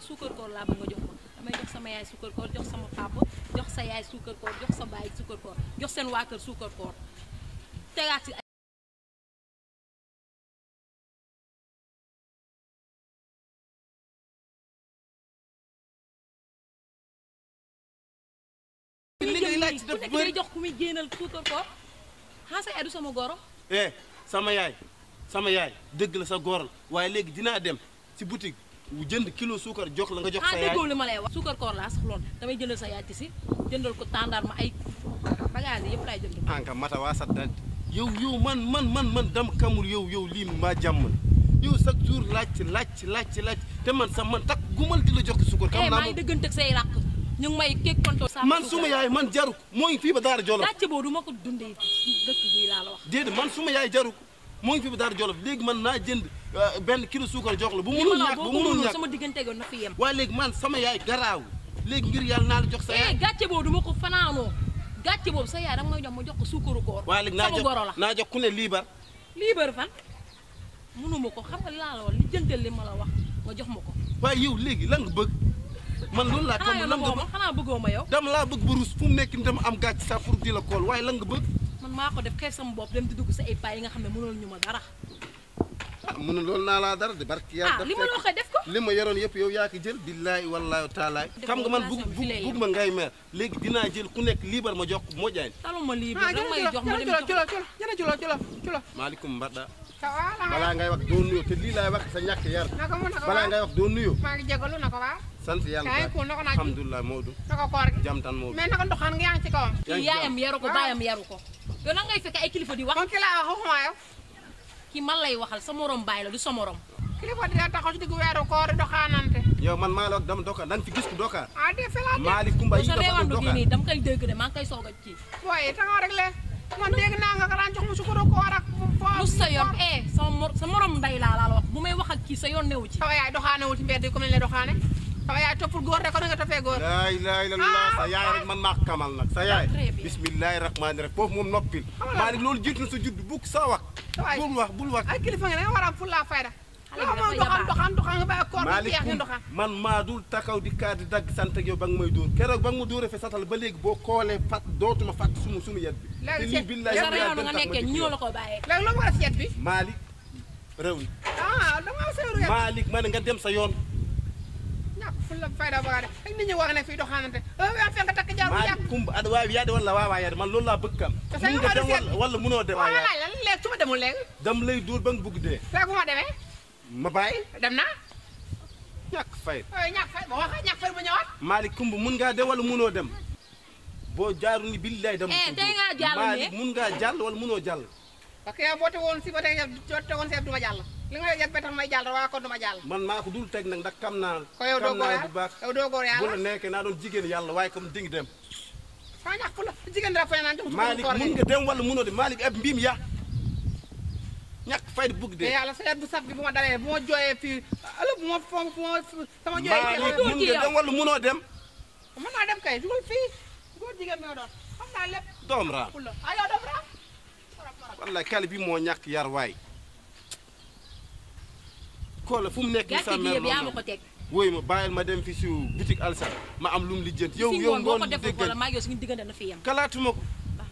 suukar koor laa seen waa kër suukar koor tegaat si ku nekk day jox ku muy génnal suukar koor xanaa sa yaay sama goro eh, sama yaay sama yaay dëgg la sa goro waaye léegi dinaa dem ci boutique jënd kilo suukar jox la nga jox sa ah, yaay ah déggoo li ma lay wax suukar koor laa sax lool damay jëndal sa yaay tisi jëndal ko tàndaar ma ay bagage yi yëpp laay jënd anka ah, mata waa sat yow yow man man man man dama kamul yow yow lii maa jàmm na yow chaque jour laaj laaj laaj laaj te man sax man takk gumal di la jox suukar xam naa eh, maa dëggante say ràq ñu ngi may kéeg konto man suma yaay man jaruk mooy fii ba daara jolo laajte boobu du ma ko dundee dëkk bii la wax déedéet man suma yaay jaruk mu ngi fi bu daara jolof léegi man naa jënd euh, benn kilo suukar jox la bu munul ñàkk bu munul ñàkk sama diggante na fi yem waaye léegi man sama yaay garaaw léegi ngir yàlla naa jox sa yaay eh, gàcce boobu duma ko fanaanoo gàcce boobu sa yaay danga may ma jox ko suukaru koor waaye léegi naa jox naa jox ku liibar liibar fan munuma ko xam nga laa la wax li jëntal ma wax nga jox ma ko waaye yow léegi lan nga bëgg man loolu laa xam lan nga bëgg xanaa bëggoo ma laa bëgg ba rus fu mu nekk ni dama am gàcce sa pour di la kool waaye la nga bëgg maa ko def xeeb sama bopp dem di dugg sa ay paa yi nga xam ne mënul ñu ma dara. ah mënul loolu naa laa dara de barki yàlla. ah li ma la waxee def ko li ma yoroon yëpp yow yaa ko jël billaahi wallaahi taalaay. xam nga man bugg bugg ma ngay mer léegi dinaa jël ku nekk liibar ma jox moo jaay. taluma liibar rek ah, may jox ma dem jox ah jërëjëf jërëjëf jërëjëf jërëjëf. maaleykum Mbada. balaa ngay wax doo nuyoo te lii laay wax sa ñàkk yar. balaa ngay wax doo nuyoo. maa ngi jégalu na ko waa. sant yàlla alhamdulilah Maodo. na ko koor gi jàmm tan Maodo. mais naka ndoxaan nga yaa ngi ci kawam. yaayam yaru ko baayam yaru ko yow nan ngay fekk ay kilifa di wax. kon ki laa wax waxuma yow. ki man lay waxal sa morom bàyyi la du sa morom. kilifa dina taxaw ci diggu weeru koor doxaanante. yow man maa la wax dama doka nan fi gis ku doka. ah de fela de Malick Kumba yi dafa doon doka nii dama koy dégg de maa ngi koy soog a kii. booy taxaw rek lee. man dégg naa nga ko daan jox mu sukuru koor ak. lu sa yoon eh sama mor sa morom nday laa la wax bu may wax ak kii sa yoon newu ci. waaw yaay doxaane wu ci mbedd yi comme ni ñu lay doxaane toppul góor rek ko nga ah. sa yaay rek man maa kamal nag sa yaay. bismillahi rahmaani foofu moom noppil. maa loolu jiitu sa judd bukk sa wax. bul wax bul wax. ay kilifa nga ne war a fulla fayda. maaleykum man maa dul di kaat dagg sant ak yow ba nga may dóor ma dóoree fi ba léegi boo xoolee fat dootuma fàtt sumu sumu yet bi. a si ah, yet bi. ma ne nga dem sa yoon. fulla fayda bagaade ak nit ñi war ne fii doxaanante yaa fekk nga takk jaar yaa kumba ad laa bëgg am mun nga dem wala wala munoo dem waaye lan léegi su ma demul léegi lay dóor ba nga bugg dee fekk ma demee ma dem naa ñàkk fay ñàkk ma wax mun ngaa dem wala munoo dem boo jaaru ni billaay dem eh, tey ngaa jàll mun ngaa jàll wala munoo jàll parce que yow boo teewoon si ba tey boo teewoon si du ma jàll li nga yëg ba tax may jàll waaye kon du ma jàll man maa ko dul teg nag ndax kam naa ko yow doo góor yàlla bu baax yow doo góor yàlla bu la nekkee naa doon jigéen yàlla waaye comme dingi dem saa ñàkk la jigéen dara fay naan jox Malick mun nga dem wala munoo de Malick ab mbiim ya ñàkk fay di bugg de yàlla sa bu saf bi bu ma dalee bu ma jooyee fii ala bu ma fo bu ma sama jooyee Malick mun nga dem wala munoo dem mën naa dem kay dugal fii góor jigéen mi nga doon xam naa lépp doom raa walla kali bi moo ñàkk yar waay koola fu mu nekk sa mère loolu ko ma bàyyil ma dem fi si boutique Alsan ma am lu mu lijjanti yow yow ngoon déggal kalaatuma ko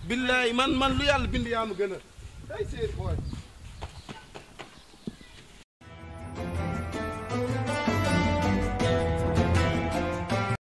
billaay man man lu yàlla bind yaa ma gën